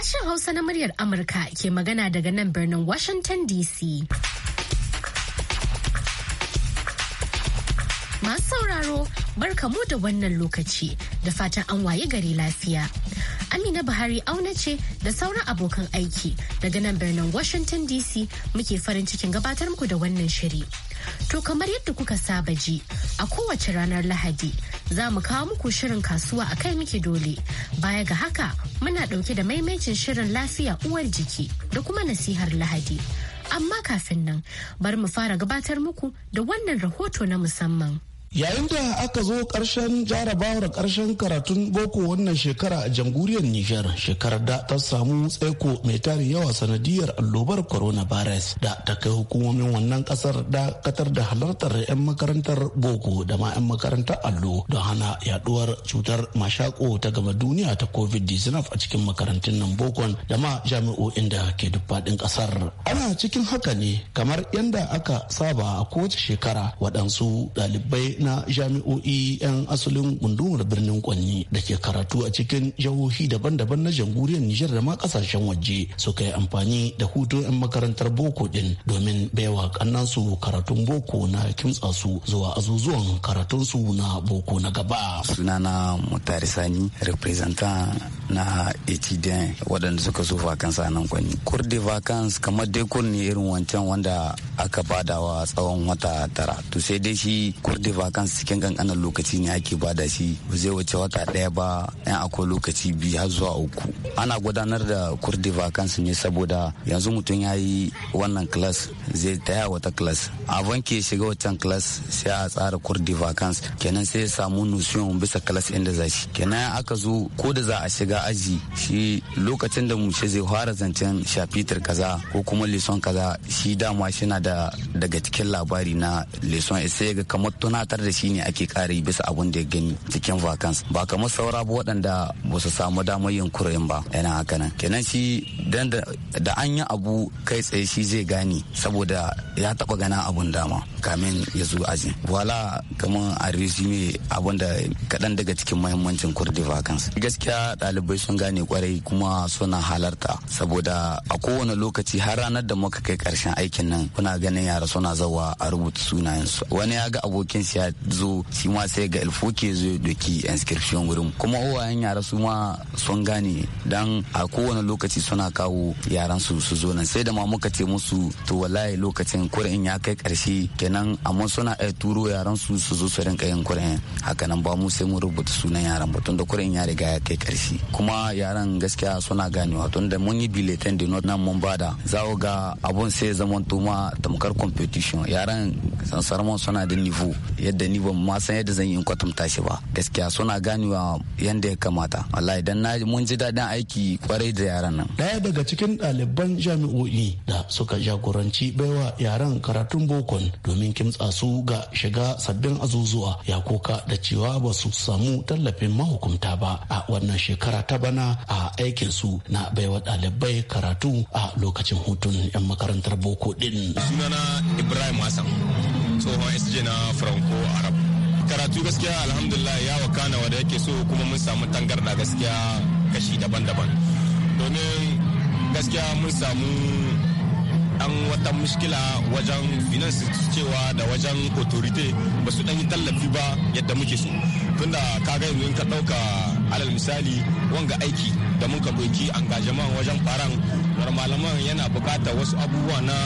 Sashen Hausa na muryar Amurka ke magana daga nan birnin Washington DC. Masu sauraro, barkamu da wannan lokaci da fatan an waye gari lafiya. Amina Buhari auna ce da sauran abokan aiki daga nan birnin Washington DC muke farin cikin gabatar muku da wannan shiri. To kamar yadda kuka saba ji a kowace ranar Lahadi za mu kawo muku shirin kasuwa a kai muke dole. Baya ga haka muna ɗauke da maimacin shirin lafiya uwar jiki da kuma nasihar Lahadi. Amma kafin nan bari mu fara gabatar muku da wannan rahoto na musamman. yayin da aka zo karshen jarabawar karshen karatun boko wannan shekara a jamhuriyar nijar shekarar da ta samu tsaiko mai tarin yawa sanadiyar allobar coronavirus da ta kai hukumomin wannan kasar da katar da halartar 'yan makarantar boko da ma 'yan makarantar allo don hana yaduwar cutar mashako ta gama duniya ta covid-19 a cikin makarantun nan bokon da ma jami'o'in da ke duk faɗin kasar ana cikin haka ne kamar yadda aka saba a kowace shekara waɗansu ɗalibai na jami'o'i 'yan asalin gundumar birnin Kwanni da ke karatu a cikin jihohi daban-daban na jamhuriyar Nijar da ma kasashen waje suka yi amfani da hutu 'yan makarantar boko din domin baiwa kannansu karatun boko na kimtsa su zuwa azuzuwan su na boko na gaba. Sunana Mutari Sani, representant na Etidian waɗanda suka so vacance a nan Kwanni. Kur de vacance kamar dai kur ne irin wancan wanda aka badawa tsawon wata tara. To sai dai shi kur de a kan cikin kankanin lokaci ne ake bada shi ba zai wuce wata daya ba yan akwai lokaci biyu har zuwa uku ana gudanar da kurdi vacance ne saboda yanzu mutum ya yi wannan class zai taya wata class a banki shiga wancan class sai a tsara kurdi vacance kenan sai ya samu nusiyon bisa class inda za shi kenan aka zo ko da za a shiga aji shi lokacin da mushe zai fara zancen shafitar kaza ko kuma leson kaza shi dama shi na da daga cikin labari na leson sai ga kamar tunatar tare da shi ne ake kare bisa abun da ya gani cikin vacans ba kamar saura ba waɗanda ba su samu damar yin kurayen ba yana haka nan kenan shi da an yi abu kai tsaye shi zai gane saboda ya taɓa gana abun dama kamin ya zo aji wala kamar a resume abun da kaɗan daga cikin mahimmancin kurdi vacans gaskiya ɗalibai sun gane kwarai kuma suna halarta saboda a kowane lokaci har ranar da muka kai karshen aikin nan kuna ganin yara suna zawa a rubuta sunayensu wani ya ga abokin siya zo shi ma sai ga ilfoke zo ya doki inscription wurin kuma uwayen yara su ma sun gane dan a kowane lokaci suna kawo yaran su su zo nan sai da ma muka ce musu to wallahi lokacin kurin ya kai karshe kenan amma suna a turo yaran su su zo su rinka yin kurin haka nan ba mu sai mu rubuta sunan yaran ba da kurin ya riga ya kai karshe kuma yaran gaskiya suna ganewa tunda mun yi biletin da nan mun bada za ga abun sai zaman tuma tamkar competition yaran sansarman suna da nivo yadda da ni ban ma san yadda zan yi in kwatanta shi ba gaskiya suna ganewa yanda ya kamata wallahi dan na mun ji daɗin aiki kwarai da yaran nan daya daga cikin ɗaliban jami'o'i da suka jagoranci baiwa yaran karatun bokon domin kimtsa su ga shiga sabbin azuzuwa ya koka da cewa ba su samu tallafin mahukunta ba a wannan shekara ta bana a aikin su na baiwa ɗalibai karatu a lokacin hutun 'yan makarantar boko din sunana ibrahim hassan tsohon sj na franco arab karatu gaskiya alhamdulillah ya wakana wanda yake so kuma mun samu tangarda gaskiya kashi daban-daban domin gaskiya mun samu dan wata mushkila wajen finansi cewa da wajen otorite ba su yi tallafi ba yadda muke so tunda kaga yanzu in ka dauka alal misali wanga aiki da muka doki engagement wajen faran malaman yana bukatar wasu abubuwa na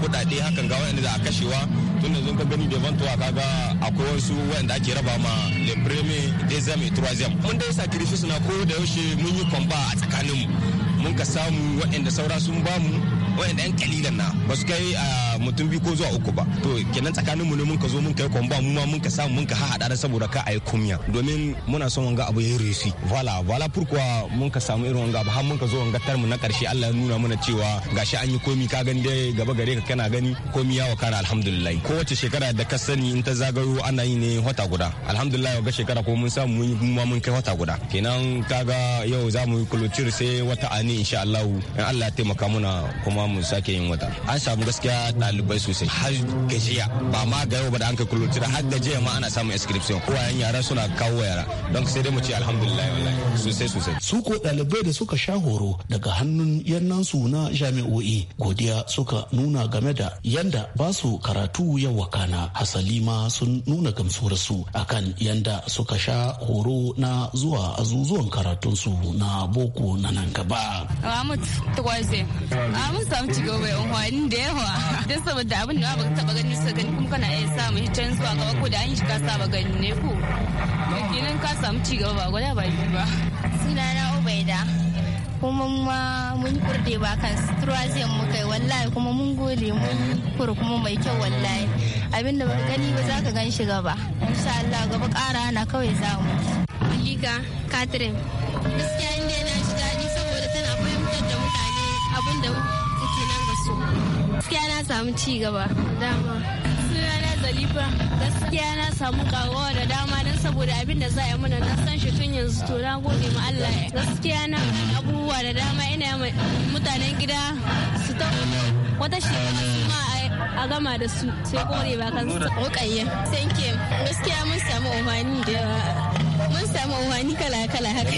kuɗaɗe hakan ga waɗanda da a kashewa tun da ka gani da vantuwa kaga akwai wasu wayanda ake raba ma le premier deuxième et troisième mun dai sacrifice na ko da yaushe mun yi kwamba a tsakaninmu mun ka samu waanda saura sun bamu wanda yan kalilan na ba su kai mutum biyu ko zuwa uku ba to kenan tsakanin mu ne mun ka zo mun kai kwamba mu ma mun ka samu mun ka haɗa da saboda ka ayi kumya domin muna son wanga abu ya resi wala wala furkuwa mun ka samu irin wanga abu har mun ka zo wanga tarmu na ƙarshe Allah ya nuna mana cewa gashi an yi komi ka gani dai gaba gare ka kana gani komi ya wakana alhamdulillah kowace shekara da ka sani in ta zagayo ana yi ne wata guda alhamdulillah ga shekara ko mun samu mun yi mun kai wata guda kenan kaga yau za mu yi kulucir sai wata ani insha Allah in Allah ya taimaka muna kuma mu sake yin wata an samu gaskiya dalibai sosai har gajiya ba ma ga yau ba da an kai tira har gajiya ma ana samun inscription yan yara suna kawo yara don sai dai mu ce alhamdulillah wallahi sosai sosai su ko ɗalibai da suka sha horo daga hannun yannan su na jami'o'i godiya suka nuna game da yanda ba su karatu yau wakana hasali ma sun nuna su akan yanda suka sha horo na zuwa azuzuwan karatunsu na boko na nan gaba. Ahmad samu ci gaba yan hwani da yawa don saboda abin da ba ka taba gani suka gani kuma kana iya samu hitan zuwa gaba ko da an yi shi ka saba gani ne ko kenan ka samu ci gaba ba gwada ba shi ba na ubaida kuma ma mun kurde ba kan strazium mu kai wallahi kuma mun gode mun kur kuma mai kyau wallahi abinda ba gani ba za ka gan shi gaba insha Allah gaba kara na kawai za mu Malika Catherine gaskiya inda na shi ni saboda tana fahimtar da mutane abin da samu ci gaba dama sunana zalifa gaskiya na samu karuwa da dama don saboda abin da za a yi mana na san shi tun yanzu to na gode ma Allah gaskiya na abubuwa da dama ina mutanen gida su ta wata shi su ma a gama da su sai kore ba kan su kokayya thank you gaskiya mun samu umarni da mun samu umarni kala kala haka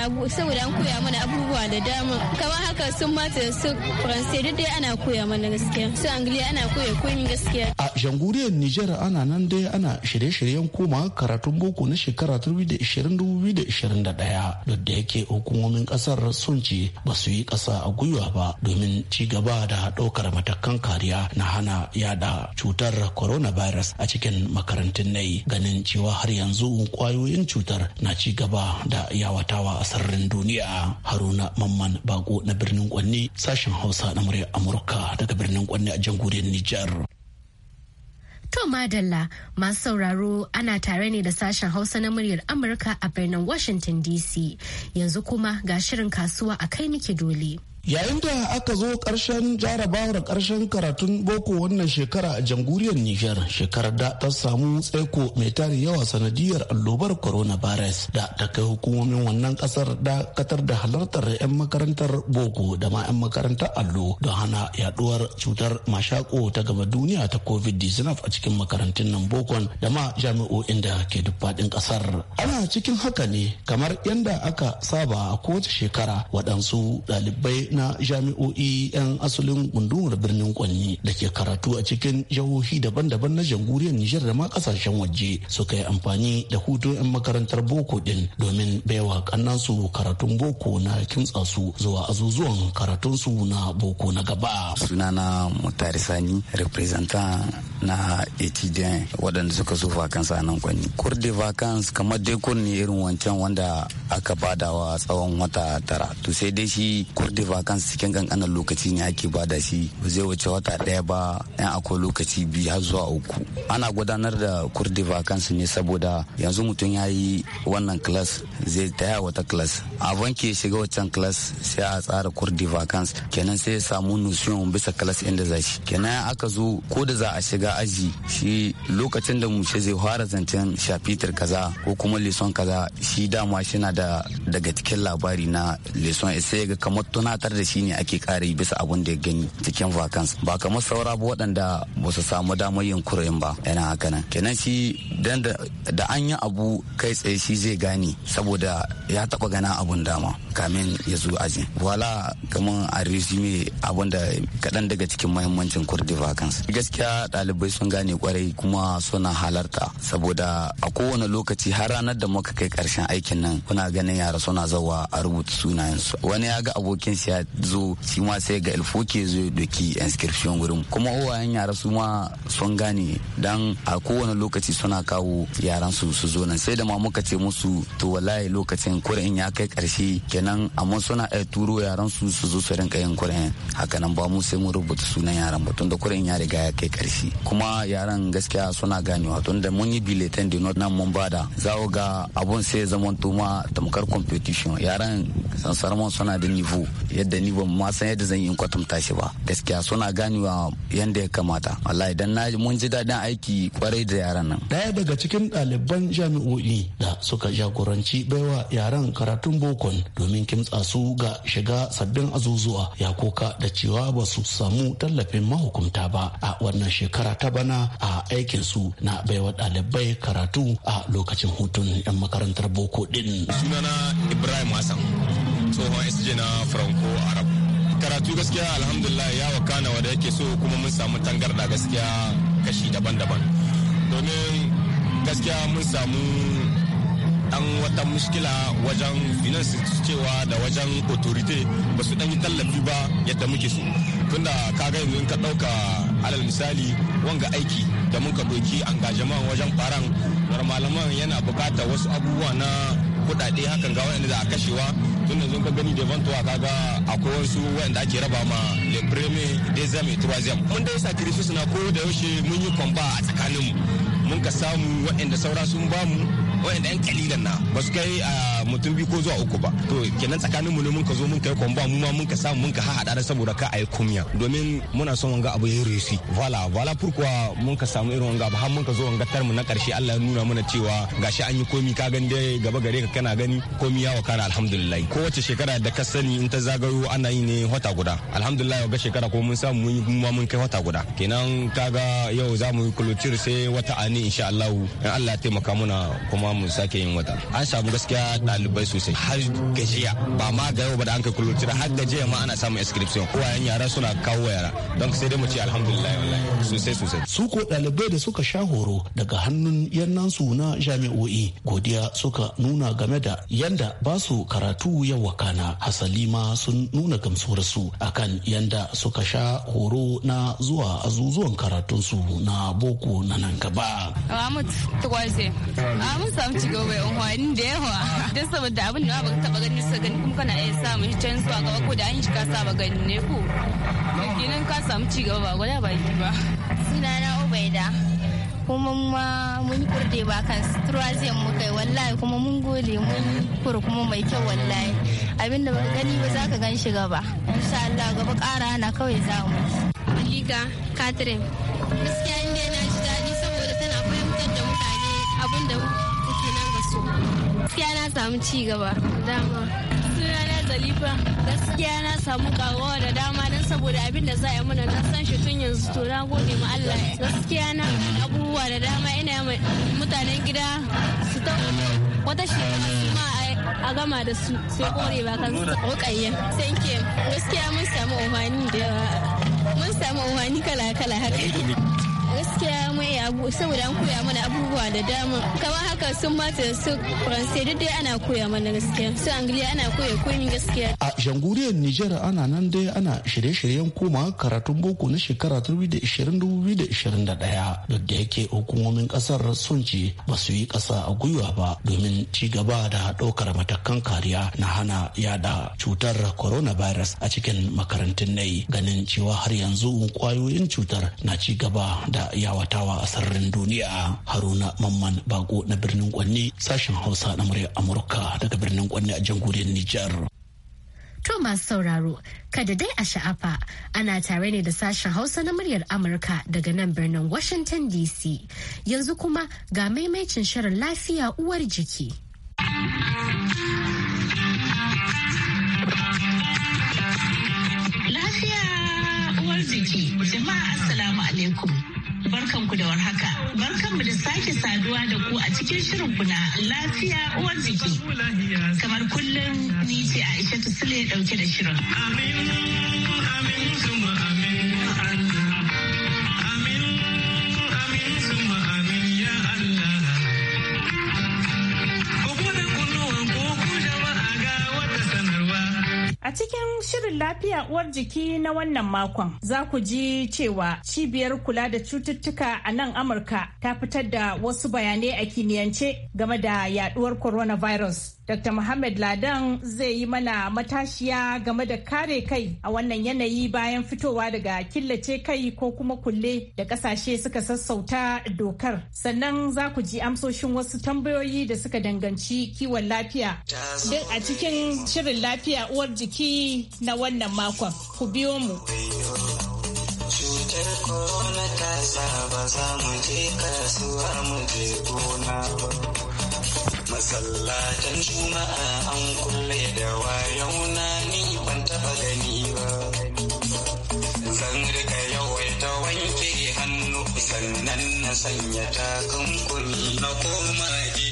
saboda an koya mana abubuwa da dama kamar haka sun mata su duk dai ana koya mana gaskiya su angliya ana koya koyin gaskiya a janguriyar nijar ana nan dai ana shirye-shiryen koma karatun boko na shekara da 2021 duk da yake hukumomin kasar sun ce ba su yi kasa a gwiwa ba domin ci gaba da ɗaukar matakan kariya na hana yada cutar coronavirus a cikin makarantun nai ganin cewa har yanzu kwayoyin cutar na ci gaba da yawatawa a sararin duniya haruna mamman bako na birnin kwanne sashen hausa na murya amurka daga birnin kwanne a jamhuriyar nijar To Madalla masu sauraro ana tare ne da sashen Hausa na muryar Amurka a birnin Washington DC. Yanzu kuma ga shirin kasuwa a kai miki dole. yayin da aka zo karshen jarabawar karshen karatun boko wannan shekara a jamhuriyar nijar shekarar da ta samu tsaiko mai tari yawa sanadiyar allobar coronavirus da ta kai hukumomin wannan kasar katar da halartar 'yan makarantar boko da ma 'yan makarantar allo don hana yaduwar cutar mashako ta gaba duniya ta covid-19 a cikin makarantun nan bokon da ma jami'o'in da ke duk faɗin kasar ana cikin haka ne kamar yadda aka saba a kowace shekara waɗansu ɗalibai na jami'o'i 'yan asalin gundumar birnin Kwanni da ke karatu a cikin jihohi daban-daban na jamhuriyar Nijar da ma kasashen waje suka yi amfani da hutu 'yan makarantar boko din domin baiwa kannansu karatun boko na kintsa su zuwa azuzuwan su na boko na gaba. Sunana Mutare Sani, representant na Etidian waɗanda suka so a nan Kwanni. Cour de vacances kamar dai kun irin wancan wanda aka badawa tsawon wata tara. To sai dai shi Cour de a cikin kankanin lokaci ne ake bada shi ba zai wuce wata ɗaya ba yan akwai lokaci biyu har zuwa uku ana gudanar da kurdi kansu ne saboda yanzu mutum ya yi wannan klas zai taya wata klas abin ke shiga wancan klas sai a tsara kurdi vacance kenan sai ya samu nusiyon bisa klas inda za shi kenan aka zo ko da za a shiga aji shi lokacin da mushe zai fara zancen shafitar kaza ko kuma leson kaza shi dama shi na da daga cikin labari na leson sai ga kamar tunatar da shi ne ake kare bisa abin da ya gani cikin vacance ba kamar saura ba waɗanda ba su samu damar yin kurayin ba yana haka nan kenan shi dan da an yi abu kai tsaye shi zai gane saboda ya taɓa gana abun dama kamin ya zo aji wala kamar a resume abun da kaɗan daga cikin mahimmancin kurdi vacance gaskiya ɗalibai sun gane kwarai kuma kuma suna halarta saboda a kowane lokaci har ranar da muka kai karshen aikin nan kuna ganin yara suna zawa a rubuta sunayensu wani ya ga abokin ya zo shi ma sai ga ilfoke zo doki inscription wurin kuma uwayen yara su ma sun gane dan a kowane lokaci suna kawo yaran su su zo nan sai da ma muka ce musu to wallahi lokacin kurin ya kai karshe kenan amma suna iya turo yaran su su zo su rinka yin kurin haka nan ba mu sai mu rubuta sunan yaran ba tunda kurin ya riga ya kai karshe kuma yaran gaskiya ja suna ganewa tun da mun yi biletin da nan mun bada za ga abun sai zama tuma tamkar competition yaran mun suna da nivo yadda ni ma san yadda zan yi kwatanta shi ba gaskiya suna ganewa yanda ya kamata wallahi dan na mun ji dadin aiki kwarai da yaran nan daya daga cikin ɗaliban jami'o'i da suka jagoranci baiwa yaran karatun bokon domin kimtsa su ga shiga sabbin azuzuwa ya koka da cewa ba su samu tallafin mahukunta ba a wannan shekara ta bana a aiki aikin su na baiwa ɗalibai karatu a lokacin hutun 'yan makarantar boko din. Sunana Ibrahim Hassan, tsohon SJ na Franco Arab. Karatu gaskiya alhamdulillah ya wakana wanda yake so kuma mun samu tangarda gaskiya kashi daban-daban. Domin gaskiya mun samu dan wata mushkila wajen finance cewa da wajen authority ba su dan yi tallafi ba yadda muke so tunda kaga yanzu ka dauka alal misali wanga aiki da muka doki engagement wajen faran malaman yana bukatar wasu abubuwa na kudade hakan ga wanda a kashewa tun da ka gani da vantuwa kaga akwai wasu wanda ake raba ma le premier deuxième et troisième mun dai sacrifice na ko da yaushe mun yi kwamba a tsakaninmu mun ka samu waɗanda saura sun bamu wa'anda yan kalilan na ba su kai mutum biyu ko zuwa uku ba to kenan tsakanin mu ne mun ka zo mun kai kwamba mu ma mun ka samu mun ka haɗa da saboda ka ayi kumya domin muna son wanga abu ya resi wala wala furkuwa mun ka samu irin wanga abu har mun ka zo wanga tarmu na karshe Allah ya nuna mana cewa gashi an yi komi ka gani dai gaba gare ka kana gani komi ya wakana alhamdulillah kowace shekara da ka sani in ta zagayo ana yi ne wata guda alhamdulillah ga shekara ko mun samu mun yi ma mun kai wata guda kenan kaga yau za mu yi kulutir sai wata ani insha Allah in Allah ya taimaka muna kuma kuma mu sake yin wata an samu gaskiya ɗalibai sosai har gajiya ba ma ga yau ba da an kai kullum har gajiya ma ana samun inscription yan yara suna kawo yara don sai dai mu ce alhamdulillah wallahi sosai sosai su ko ɗalibai da suka sha horo daga hannun yannansu na jami'o'i godiya suka nuna game da yanda ba su karatu yau wakana hasali ma sun nuna su akan yanda suka sha horo na zuwa azuzuwan karatunsu na boko na nan gaba. Amut, samu ci gaba ya unhwani da yawa don saboda abin da ba ka taba ganin sa gani kuma kana iya samu shi can zuwa gaba ko da an shi ka saba gani ne ko kenan ka samu ci gaba ba gwada ba baki ba suna na ubaida kuma ma mun kurde ba kan strazium muka yi wallahi kuma mun gode mun kura kuma mai kyau wallahi abinda ba gani ba za ka gan shi gaba insha Allah gaba kara na kawai za mu Malika Catherine gaskiya inda na ji dadi saboda tana fahimtar da mutane abin da su gaskiya na samu ci gaba dama suna na zalifa gaskiya na samu karuwa da dama don saboda abin da za a yi mana na san shi tun yanzu to na gode ma Allah gaskiya na abubuwa da dama ina yi mutanen gida su ta wata shekara ma a gama da su sai kore ba kan rukayya thank you gaskiya mun samu umarni da yawa mun samu umarni kala-kala haka gaskiya mu iya saboda an koya mana abubuwa da dama kamar haka sun mata su faransai duk dai ana koya mana gaskiya su angliya ana koya koyin gaskiya a janguriyar nijar ana nan dai ana shirye-shiryen koma karatun boko na shekara 2020-2021 duk da yake hukumomin kasar sun ce ba su yi kasa a gwiwa ba domin ci gaba da ɗaukar matakan kariya na hana yada cutar coronavirus a cikin makarantun nai ganin cewa har yanzu kwayoyin cutar na ci gaba da yawatawa a sararin duniya haruna mamman baƙo na birnin kwanne sashen hausa na murya amurka daga birnin kwanne a jamhuriyar nijar To masu sauraro, kada dai a sha'afa ana tare ne da sashen Hausa na muryar Amurka daga nan birnin Washington DC. Yanzu kuma ga maimaicin shirin lafiya uwar jiki. Lafiya uwar jiki, jama'a Assalamu alaikum. Barkan ku da warhaka. Barkanmu da sake saduwa da ku a cikin shirin kuna lafiya uwar jiki. Kamar kullum ni ce Aisha Sule dauke da shirin. amin, amin. A cikin shirin lafiya uwar jiki na wannan makon za ku ji cewa cibiyar kula da cututtuka a nan Amurka ta fitar da wasu bayanai a kiniyance game da yaduwar coronavirus. Dr. Muhammad Ladan zai yi mana matashiya game da kare kai a wannan yanayi bayan fitowa daga killace kai ko kuma kulle da kasashe suka sassauta dokar. Sannan za ku ji amsoshin wasu tambayoyi da suka danganci kiwon lafiya. Duk a cikin shirin lafiya uwar jiki na wannan makon. Ku biyo mu. Cutar ta mu je kasuwa mu je gona masallatan juma'a an kulle da wayau na ni ban taba gani ba zan rika yawaita wanke sannan na sanya takunkumi na koma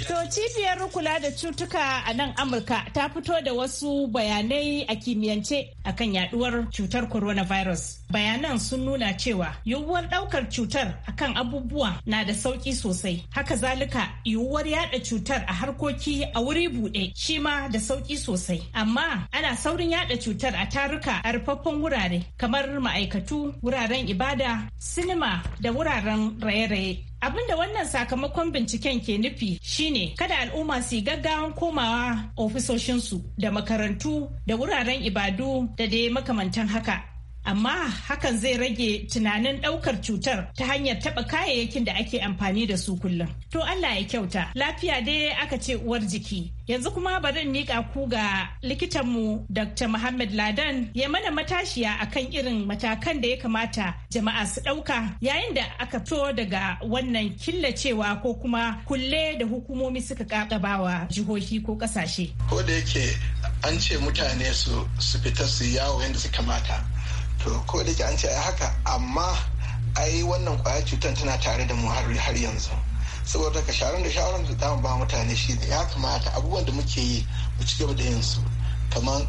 To cibiyar kula da cutuka a nan Amurka ta fito da wasu bayanai a kimiyyance akan yaduwar cutar coronavirus. Bayanan sun nuna cewa yiwuwar daukar cutar akan abubuwa na da sauki sosai. Haka zalika yiwuwar yada cutar a harkoki a wuri bude shi ma da sauki sosai. Amma ana saurin yada cutar a taruka a rufaffen wurare kamar ma'aikatu, wuraren ibada, sinima da wuraren wuraren raye-raye. Abin da wannan sakamakon binciken ke nufi shine kada al'umma su yi gaggawan komawa ofisoshinsu da makarantu da wuraren ibadu da dai makamantan haka. amma hakan zai rage tunanin ɗaukar cutar ta hanyar taɓa kayayyakin da ake amfani da su kullum. To Allah ya kyauta, lafiya dai aka ce uwar jiki. Yanzu kuma bari in nika ku ga likitanmu Dr. Muhammad Ladan ya mana matashiya akan irin matakan da ya kamata jama'a su ɗauka yayin da aka to daga wannan killacewa ko kuma kulle da hukumomi suka ƙaƙabawa jihohi ko ƙasashe. Ko da yake an ce mutane su fita su yawo yadda su kamata. to ko da ke an ce ai haka amma ai wannan kwayar cutar tana tare da mu har yanzu saboda ka sharon da sharon da zamu ba mutane shi da ya kamata abubuwan da muke yi mu ci gaba da yin su kamar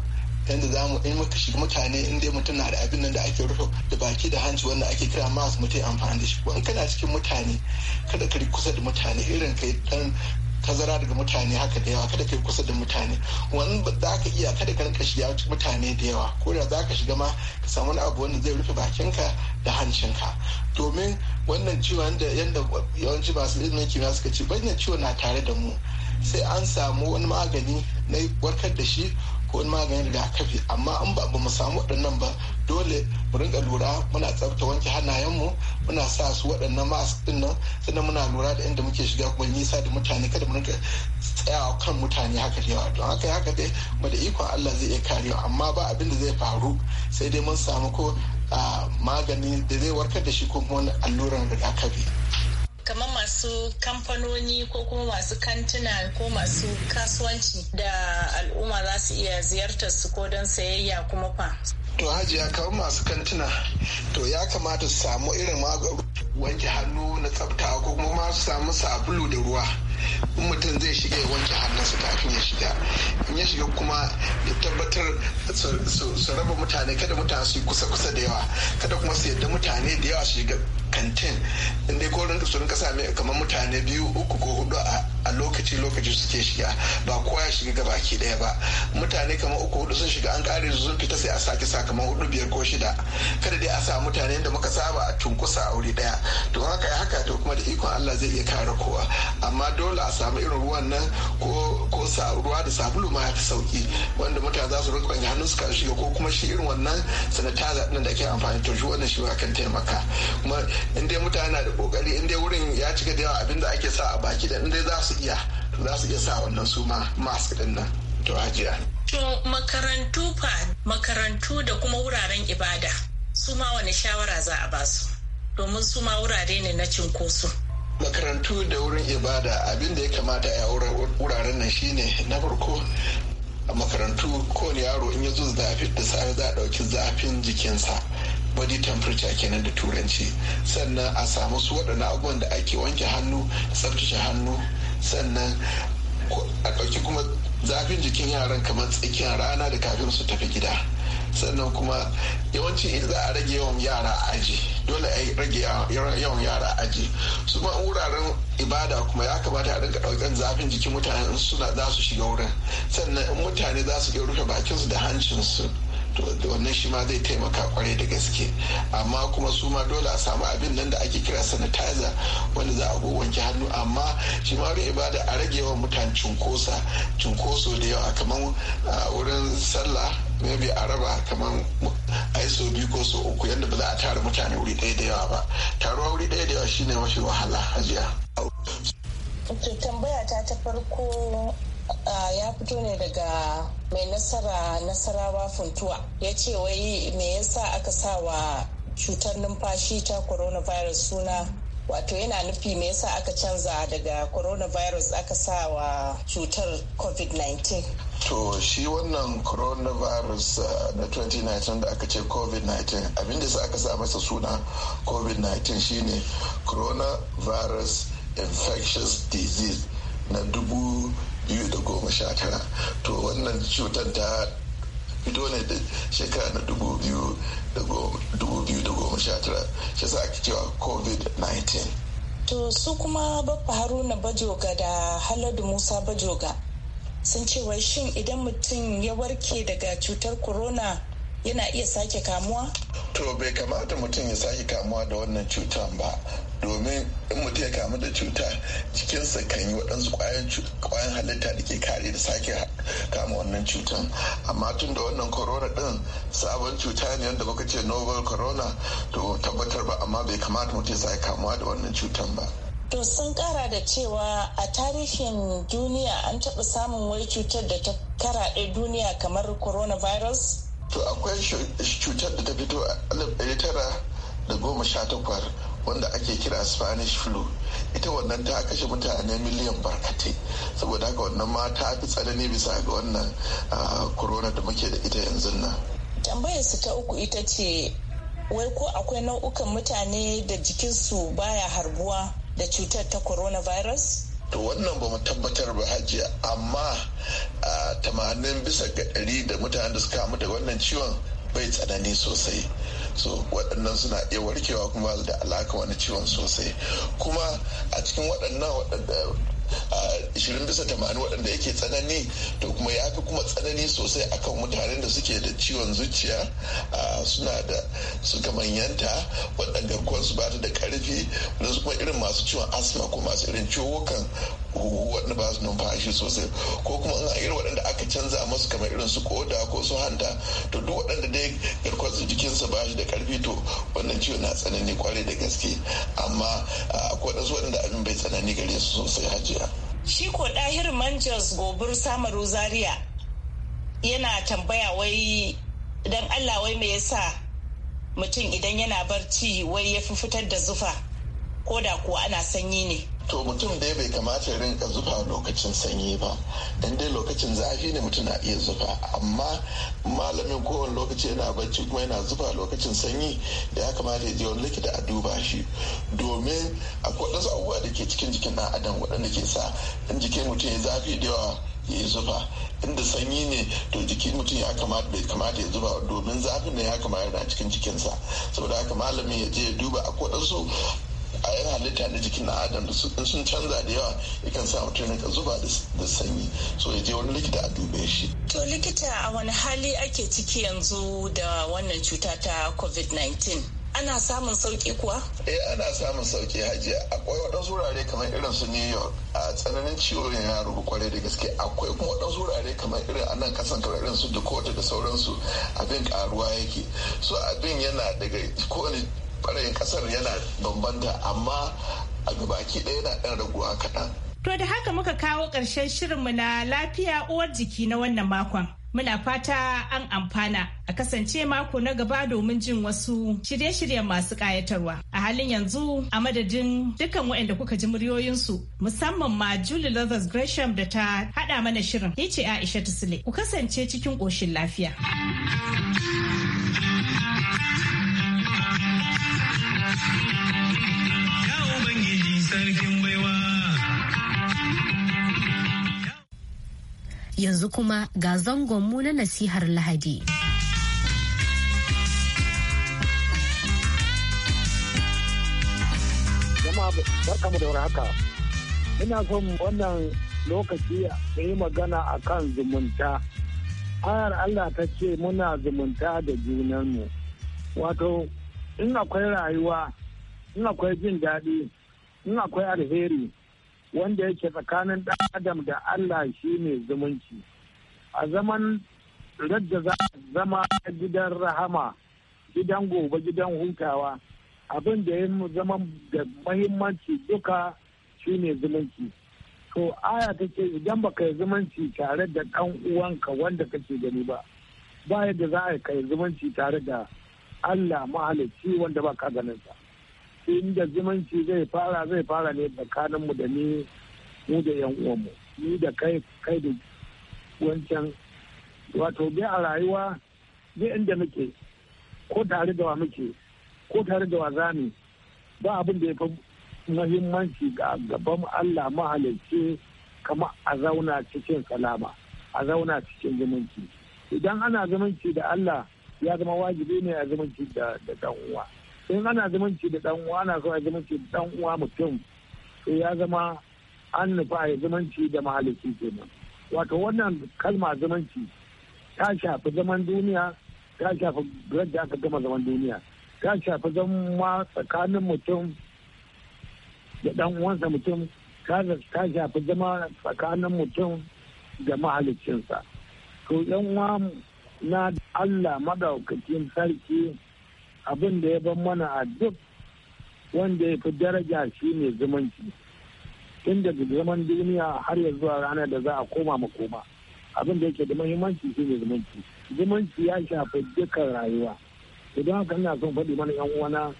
yadda za mu in muka shiga mutane in dai mutum na da abin nan da ake rufe da baki da hanci wanda ake kira masu mutum amfani da shi ko in kana cikin mutane kada ka kusa da mutane irin kai dan tazara daga mutane haka da yawa kada kai kusa da mutane wani za ka iya kada ka rinka shiga mutane da yawa ko da za ka shiga ma ka samu wani abu wanda zai rufe bakinka da hancinka domin wannan ciwon da yadda yawanci masu ilimin kimiyya suka ce bayyana ciwon na tare da mu sai an samu wani magani na warkar da shi ko wani maganin fi amma in ba mu samu waɗannan ba dole mu rinka lura muna tsabta wanke hannayenmu muna sa su waɗannan mas din nan sannan muna lura da inda muke shiga kuma nisa da mutane kada mu rinka tsayawa kan mutane haka da yawa don haka haka dai kuma da ikon Allah zai iya karewa amma ba abin da zai faru sai dai mun samu ko ah, magani da zai warkar da shi ko kuma alluran rigakafi. kamar masu kamfanoni ko kuma masu kantina ko masu kasuwanci da al'umma za su iya ziyartar su ko don sayayya kuma fa. To hajiya kamar masu kantina to ya kamata su samu irin wanke hannu na tsafta ko kuma su samu sabulu da ruwa. in mutum zai shiga ya wanke hannunsa kafin ya shiga in ya shiga kuma ya tabbatar su raba mutane kada mutane su yi kusa-kusa da yawa kada kuma su yadda mutane da yawa su shiga kantin inda ko rinka su rinka sami kamar mutane biyu uku ko hudu a lokaci lokaci suke shiga ba kowa ya shiga gabaki daya ba mutane kamar uku hudu sun shiga an kare su sun fita sai a sake kamar hudu biyar ko shida kada dai a sa mutane da muka saba a tunkusa a wuri daya to haka ya haka to kuma da ikon Allah zai iya kare kowa amma dole dole a samu irin ruwan nan ko sa ruwa da sabulu ma ya fi sauki wanda mutane za su rinka hannun su kan shiga ko kuma shi irin wannan sanitizer din da ke amfani to shi wannan shi ma kan taimaka kuma in dai mutane na da kokari in dai wurin ya cika da yawa abinda ake sa a baki da in dai za su iya za su iya sa wannan su ma mask din nan to hajiya To makarantu fa makarantu da kuma wuraren ibada su ma wani shawara za a basu domin su ma wurare ne na cinkoso. makarantu da wurin ibada abin da ya kamata a wuraren nan shine na farko a makarantu kowane yaro in ya zo zafi da safe za a ɗauki zafin jikinsa body temperature kenan da turanci sannan a samu su waɗanda abubuwan da ake wanke hannu tsaftace hannu sannan a ɗauki kuma zafin jikin yaran kamar tsakiyar rana da kafin su tafi gida sannan kuma yawanci in za a rage yawan yara aji dole a rage yawan yara aji su ma wuraren ibada kuma ya kamata a rinka ɗaukan zafin jikin mutane suna za su shiga wurin sannan in mutane za su iya rufe bakinsu da hancinsu to wannan shi ma zai taimaka kwarai da gaske amma kuma su ma dole a samu abin nan da ake kira sanitizer wanda za a wanke hannu amma shi ma ibada a rage yawan mutane cunkosa cunkoso da yawa kamar ah, wurin sallah maybe a raba kamar a so biyu ko so uku yadda ba za a tara mutane wuri ɗaya da yawa ba taruwa wuri ɗaya da yawa shine mafi wahala hajiya ke tambaya ta ta farko ya fito ne daga mai nasara nasarawa funtuwa ya ce wai me yasa aka sa wa cutar numfashi ta coronavirus suna wato yana nufi me yasa aka canza daga coronavirus aka sa wa cutar covid-19 to shi wannan coronavirus uh, na 2019 da aka ce covid-19 abinda sa aka sa masa suna covid-19 shine coronavirus infectious disease na dubu biyu goma sha tara to wannan cutar ta fito ne da shekara na 2019 shi sa ake cewa covid-19 to su kuma baffa haruna bajoga da haladu musa bajoga sun ce wai shin idan mutum ya warke daga cutar corona yana iya sake kamuwa to bai kamata mutum ya sake kamuwa da wannan cutar ba domin in mutum ya kamu da cuta cikinsa kan yi waɗansu ƙwayan halitta da ke kare da sake kama wannan cutan amma tun da wannan corona ɗin sabon cuta ne wanda muka ce novel corona to tabbatar ba amma bai kamata mutum ya sake kamuwa da wannan cutan ba To sun kara da cewa a tarihin duniya an taɓa samun wai cutar da ta karaɗe duniya kamar coronavirus? To akwai cutar da ta fito a 1918 wanda ake kira spanish flu ita wannan ta kashe mutane miliyan barkatai saboda haka wannan ma ta fi tsanani bisa ga wannan ah, corona da muke da ita yanzu nan tambayar su ta uku ita ce wai ko akwai nau'ukan mutane da jikinsu baya harbuwa da cutar ta coronavirus to wannan ba mu tabbatar ba hajiya amma ah, tamanin bisa ga ɗari da mutanen da suka kamu da wannan ciwon bai tsanani sosai so waɗannan suna iya warkewa kuma da alaka wani ciwon sosai kuma a cikin waɗannan waɗanda ishirin bisa tamanin waɗanda yake tsanani to kuma ya fi kuma tsanani sosai akan mutanen da suke da ciwon zuciya suna da suka manyanta waɗanda garkuwar su bata da ƙarfi da kuma irin masu ciwon asma ko masu irin ciwukan waɗanda ba su numfashi sosai ko kuma in irin waɗanda aka canza masu kamar irin su koda ko su hanta to duk waɗanda dai garkuwar jikinsa su bashi da karfi to wannan ciwo na tsanani kwarai da gaske amma akwai waɗansu waɗanda abin bai tsanani gare su sosai hajiya. shi ko ɗahir manjas gobir samaru zaria yana tambaya wai don allah wai me yasa mutum idan yana barci wai ya fi fitar da zufa ko da kuwa ana sanyi ne. to mutum dai bai kamata rinka zufa lokacin sanyi ba dan dai lokacin zafi ne mutum na iya zufa amma malamin kowane lokaci yana bacci kuma yana zufa lokacin sanyi da ya kamata ya je wani likita a duba shi domin akwai wasu abubuwa da ke cikin jikin ɗan adam waɗanda ke sa in jikin mutum ya zafi da yawa ya yi zufa inda sanyi ne to jikin mutum ya kamata bai kamata ya zuba domin zafin da ya kamata yana cikin jikinsa saboda haka malamin ya je ya duba akwai wasu a yan halitta na jikin na adam da sun canza da yawa yakan sa mutum rinka zuba da sanyi so ya je wani likita a dube shi. to likita a wani hali ake ciki yanzu da wannan cuta ta covid-19 ana samun sauki kuwa? eh ana samun sauki hajiya akwai waɗansu wurare kamar irin su new york a tsananin ciwon ya rubu kwarai da gaske akwai kuma waɗansu wurare kamar irin a nan kasan kamar irin su dakota da sauransu abin karuwa yake so abin yana daga kowane ɓarayin ƙasar yana bambanta amma a gabaki ɗaya yana ɗan raguwa kaɗan. To da haka muka kawo ƙarshen shirinmu na lafiya uwar jiki na wannan makon. Muna fata an amfana a kasance mako na gaba domin jin wasu shirye-shiryen masu ƙayatarwa. A halin yanzu a madadin dukkan waɗanda kuka ji muryoyinsu musamman ma Julie Lovers Gresham da ta haɗa mana shirin. Ni ce Aisha Tusile. Ku kasance cikin ƙoshin lafiya. Yanzu kuma ga zangonmu na nasihar Lahadi. Jama'a barkamu da haka Ina son wannan lokaci da yi magana a kan zumunta. Ayar Allah ta ce muna zumunta da junanmu. Wato, in akwai rayuwa, in akwai jin daɗi, in akwai alheri wanda yake tsakanin ɗan adam da Allah shi ne zumunci a zaman radda za a zama gidan rahama gidan gobe gidan hutawa abin da ya zama da mahimmanci duka shi ne zumunci to aya ta ce idan ba ka yi zumunci tare da ɗan uwanka wanda kake gani ba ba yadda za a yi zumunci tare da Allah mahalicci wanda ba ka ganinsa inda zumunci zai fara zai fara ne tsakaninmu da ni mu da yan uwanmu ni da kai kai da wancan wato bai a rayuwa bi inda muke ko tare da wa muke ko tare da wa zami ba abin da ya fi muhimmanci ga gaban Allah mahalarci kama a zauna cikin salama a zauna cikin zumunci idan ana zumunci da Allah ya zama wajibi ne a zumunci da dan uwa in ana zumunci da dan uwa ana so a zumunci da dan uwa mutum to ya zama an nufa a zumunci da mahalicci kenan wato wannan kalma zumunci ta shafi zaman duniya ta shafi yadda aka gama zaman duniya ta shafi zama tsakanin mutum da dan uwansa mutum ta shafi zama tsakanin mutum da mahaliccinsa to yan uwa na Allah madaukakin sarki abin da ya ban mana a duk wanda ya fi daraja shi ne zumunci tun daga zaman duniya har ya zuwa ranar da za a koma makoma abin da yake da muhimmanci shi ne zumunci zumunci ya shafi dukkan rayuwa idan haka ina son faɗi mana yan uwana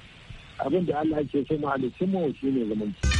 abin da Allah ke so mu halicci mu shi ne zumunci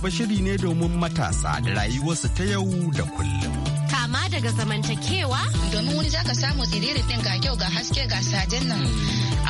Bashiri shiri ne domin matasa da rayuwarsu ta yau da kullum. Kama daga zamantakewa? Domin wani za ka samu tsiriri ɗin ga kyau ga haske ga sajen nan.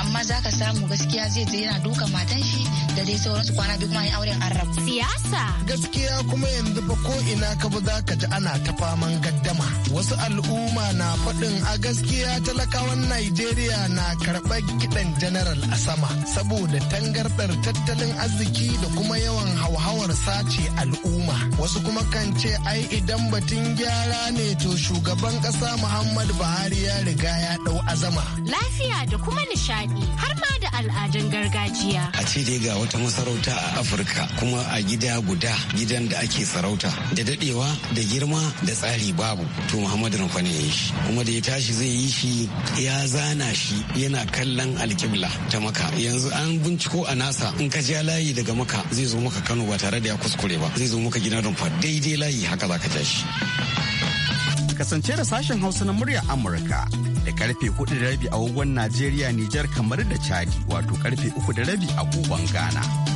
Amma za ka samu gaskiya zai je yana duka matan shi da dai sauransu kwana biyu kuma auren arab Siyasa? Gaskiya kuma yanzu ba ko ina ka ba za ka ji ana ta faman gaddama. wasu al'umma na faɗin a gaskiya talakawan Najeriya na karɓar kiɗan janaral a sama saboda tangarɗar tattalin arziki da kuma yawan hauhawar sace al'umma. Wasu kuma kan ce ai idan batun gyara ne to shugaban ƙasa Muhammadu Buhari ya riga ya ɗau azama. Lafiya da kuma nishaɗi har ma da al'adun gargajiya. A ce dai ga wata masarauta a Afirka kuma a gida guda gidan da ake sarauta da daɗewa da girma da tsari babu. To muhammadu rumfa ya yi shi kuma da ya tashi zai yi shi ya zana shi yana kallon alkibla ta maka yanzu an binciko a nasa in ka ja layi daga maka zai zo maka kano ba tare da ya kuskure ba zai zo maka gidan rumfa daidai layi haka za ka ja shi kasance da sashen hausa na murya amurka da karfe hudu da rabi a Najeriya, Nijar kamar da Chadi wato karfe 3 da rabi a Ghana.